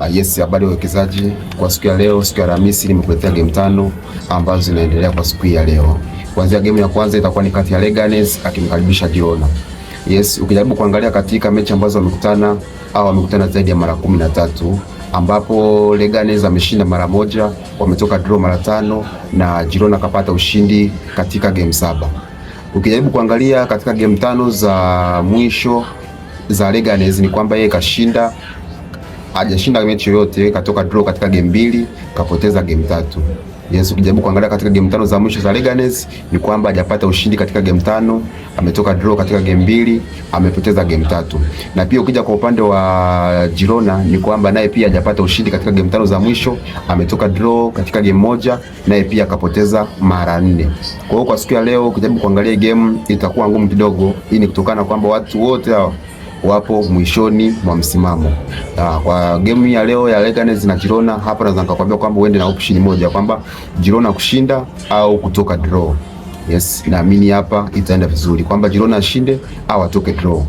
Uh, yes, habari ya wawekezaji. Kwa siku ya leo, siku ya Alhamisi, nimekuletea game tano ambazo zinaendelea kwa siku ya leo. Kuanzia game ya kwanza itakuwa ni kati ya Leganes akimkaribisha Girona. Yes, ukijaribu kuangalia katika mechi ambazo wamekutana au wamekutana zaidi ya mara kumi na tatu ambapo Leganes ameshinda mara moja, wametoka draw mara tano na Girona kapata ushindi katika game saba. Ukijaribu kuangalia katika game tano za mwisho za Leganes ni kwamba yeye kashinda hajashinda mechi yoyote, katoka draw katika game mbili, kapoteza game tatu. Yes, ukijaribu kuangalia katika game tano za mwisho za Leganes ni kwamba hajapata ushindi katika game tano, ametoka draw katika game mbili, amepoteza game tatu. Na pia ukija kwa upande wa Girona ni kwamba naye pia hajapata ushindi katika game tano za mwisho, ametoka draw katika game moja, naye pia akapoteza mara nne. Kwa hiyo kwa siku ya leo ukijaribu kuangalia game itakuwa ngumu kidogo. Hii ni kutokana kwamba watu wote hao wapo mwishoni mwa msimamo. Kwa game ya leo ya Leganes na Girona, hapa naweza nikakwambia kwamba uende na option moja kwamba Girona kushinda au kutoka draw. Yes, naamini hapa itaenda vizuri kwamba Girona ashinde au atoke draw,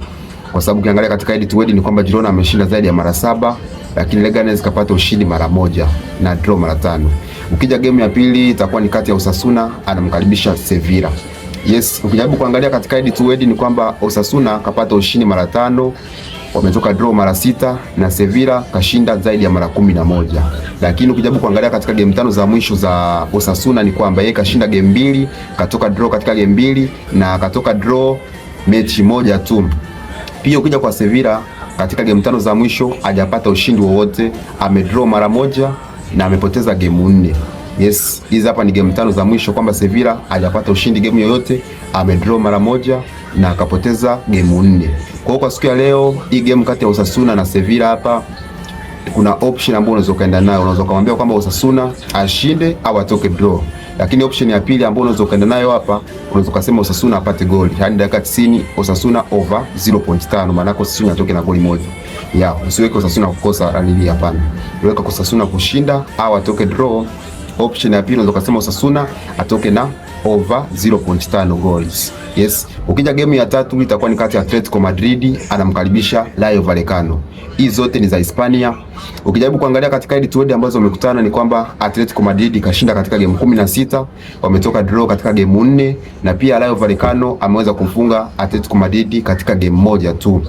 kwa sababu ukiangalia katika head to head ni kwamba Girona ameshinda zaidi ya mara saba, lakini Leganes kapata ushindi mara moja na draw mara tano. Ukija game ya pili itakuwa ni kati ya Osasuna anamkaribisha Sevilla. Yes, ukijaribu kuangalia katika head to head ni kwamba Osasuna kapata ushindi mara tano, wametoka draw mara sita na Sevilla kashinda zaidi ya mara kumi na moja. Lakini ukijaribu kuangalia katika game tano za mwisho za Osasuna ni kwamba yeye kashinda game mbili, katoka draw katika game mbili na katoka draw mechi moja tu. Pia ukija kwa Sevilla katika game tano za mwisho hajapata ushindi wowote, amedraw mara moja na amepoteza game nne. Yes, hizi hapa ni game tano za mwisho kwamba Sevilla hajapata ushindi game yoyote, amedraw mara moja na akapoteza game nne. Kwa hiyo kwa siku ya leo hii game kati ya Osasuna na Sevilla hapa kuna option ambayo unaweza kaenda nayo, unaweza kumwambia kwamba Osasuna ashinde au atoke draw. Lakini option ya pili ambayo unaweza kaenda nayo hapa, unaweza kusema Osasuna apate goli. Yaani dakika 90 Osasuna over 0.5, maana yake Osasuna atoke na goli moja. Ya, usiweke Osasuna kukosa, hapana. Weka Osasuna kushinda au atoke draw. Option ya pili unaweza kusema Osasuna atoke na over 0.5 goals. Yes, ukija game ya tatu itakuwa ni kati ya Atletico Madrid anamkaribisha Rayo Vallecano. Hizi zote ni za Hispania. Ukijaribu kuangalia katika ile tuodi ambazo wamekutana ni kwamba Atletico Madrid kashinda katika game 16, wametoka draw katika game 4 na pia Rayo Vallecano ameweza kumfunga Atletico Madrid katika game moja tu.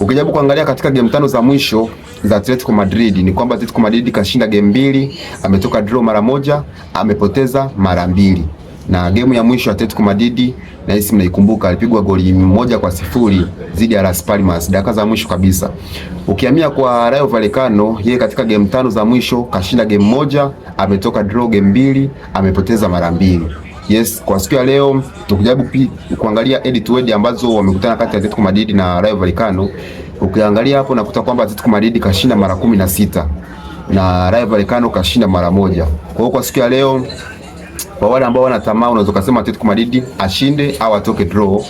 Ukijaribu kuangalia katika game tano za mwisho za Atletico Madrid ni kwamba Atletico Madrid kashinda game mbili, ametoka draw mara moja, amepoteza mara mbili. Na game ya mwisho Atletico Madrid na nahisi mnaikumbuka, alipigwa goli moja kwa sifuri dhidi ya Las Palmas dakika za mwisho kabisa. Ukihamia kwa Rayo Vallecano, yeye katika game tano za mwisho kashinda game moja, ametoka draw game mbili, amepoteza mara mbili. Yes, kwa siku ya leo tukijaribu kuangalia head to head ambazo wamekutana kati ya Atletico Madrid na Rayo Vallecano. Ukiangalia hapo nakuta kwamba Atletico Madrid kashinda mara kumi na sita na Rayo Vallecano kashinda mara moja. Kwa hiyo kwa siku ya leo kwa wale ambao wanatamaa, unaweza kusema Atletico Madrid ashinde au atoke draw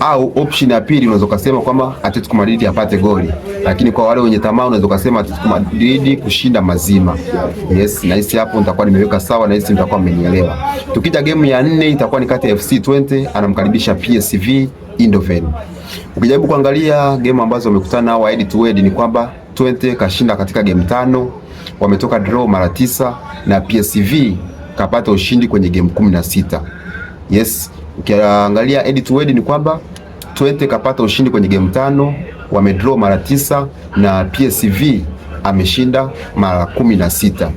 au option ya pili unaweza kusema kwamba Atletico Madrid apate goli, lakini kwa wale wenye tamaa unaweza kusema Atletico Madrid kushinda mazima. Yes, na hisi hapo nitakuwa nimeweka sawa, na hisi nitakuwa mmenielewa. Tukija game ya nne itakuwa ni kati ya FC 20 anamkaribisha PSV Eindhoven. Ukijaribu kuangalia game ambazo wamekutana nao head to head ni kwamba 20 kashinda katika game tano, wametoka draw mara tisa na PSV kapata ushindi kwenye game 16. Yes, ukiangalia head to head ni kwamba Twente kapata ushindi kwenye game tano, wamedraw mara tisa na PSV ameshinda mara kumi na sita.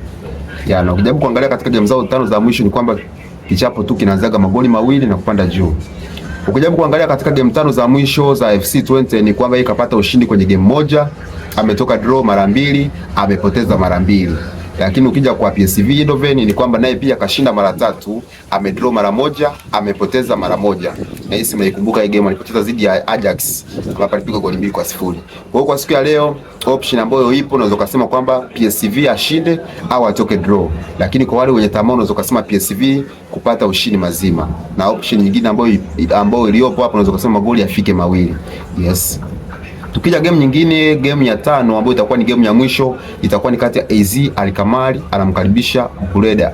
Ya, na ukijaribu kuangalia katika game zao tano za mwisho ni kwamba kichapo tu kinazaga magoli mawili na kupanda juu. Ukijaribu kuangalia katika game tano za mwisho za FC Twente ni kwamba yeye kapata ushindi kwenye game moja, ametoka draw mara mbili, amepoteza mara mbili. Lakini ukija kwa PSV Eindhoven ni kwamba naye pia kashinda mara tatu, amedraw mara moja, amepoteza mara moja. Na hisi mnaikumbuka hii game alipoteza dhidi ya Ajax, ambapo alipigwa goli mbili kwa sifuri. Kwa hiyo kwa siku ya leo option ambayo ipo unaweza kusema kwamba PSV ashinde au atoke draw. Lakini kwa wale wenye tamaa unaweza kusema PSV kupata ushindi mazima. Na option nyingine ambayo ambayo iliyopo hapo unaweza kusema magoli afike mawili. Yes. Tukija game nyingine, game ya tano ambayo itakuwa ni game ya mwisho itakuwa ni kati ya AZ Alkamali anamkaribisha Bureda.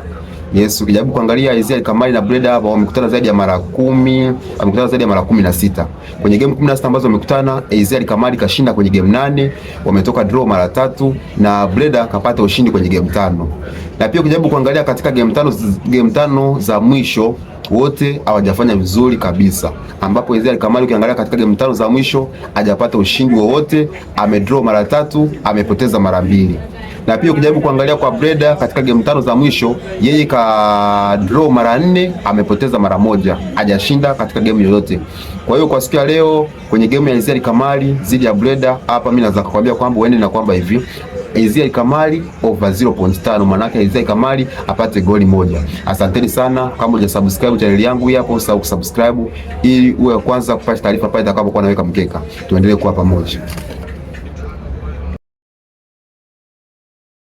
Yes, ukijaribu kuangalia AZ Alkamali na Bureda hapa wamekutana zaidi ya mara kumi, wamekutana zaidi ya mara kumi na sita. Kwenye game sita ambazo wamekutana, AZ Alkamali kashinda kwenye game nane, wametoka draw mara tatu na Bureda kapata ushindi kwenye game tano na pia ukijaribu kuangalia katika game tano, game tano za mwisho wote hawajafanya vizuri kabisa, ambapo Isaiah Kamali ukiangalia katika game tano za mwisho hajapata ushindi wowote, amedraw mara tatu, amepoteza mara mbili. Na pia ukijaribu kuangalia kwa Breda katika game tano za mwisho, yeye ka draw mara nne, amepoteza mara moja, hajashinda katika game yoyote. Kwa hiyo kwa siku ya leo kwenye game ya Isaiah Kamali zidi ya Breda, hapa mimi naweza kukwambia kwamba uende na kwamba hivi Isaiah Kamali over 0.5, manake Isaiah Kamali apate goli moja. Asanteni sana, kama hujasubscribe channel yangu hii hapo, usahau kusubscribe ili uwe kwanza kupata taarifa pale itakapokuwa naweka mkeka. Tuendelee kuwa pamoja.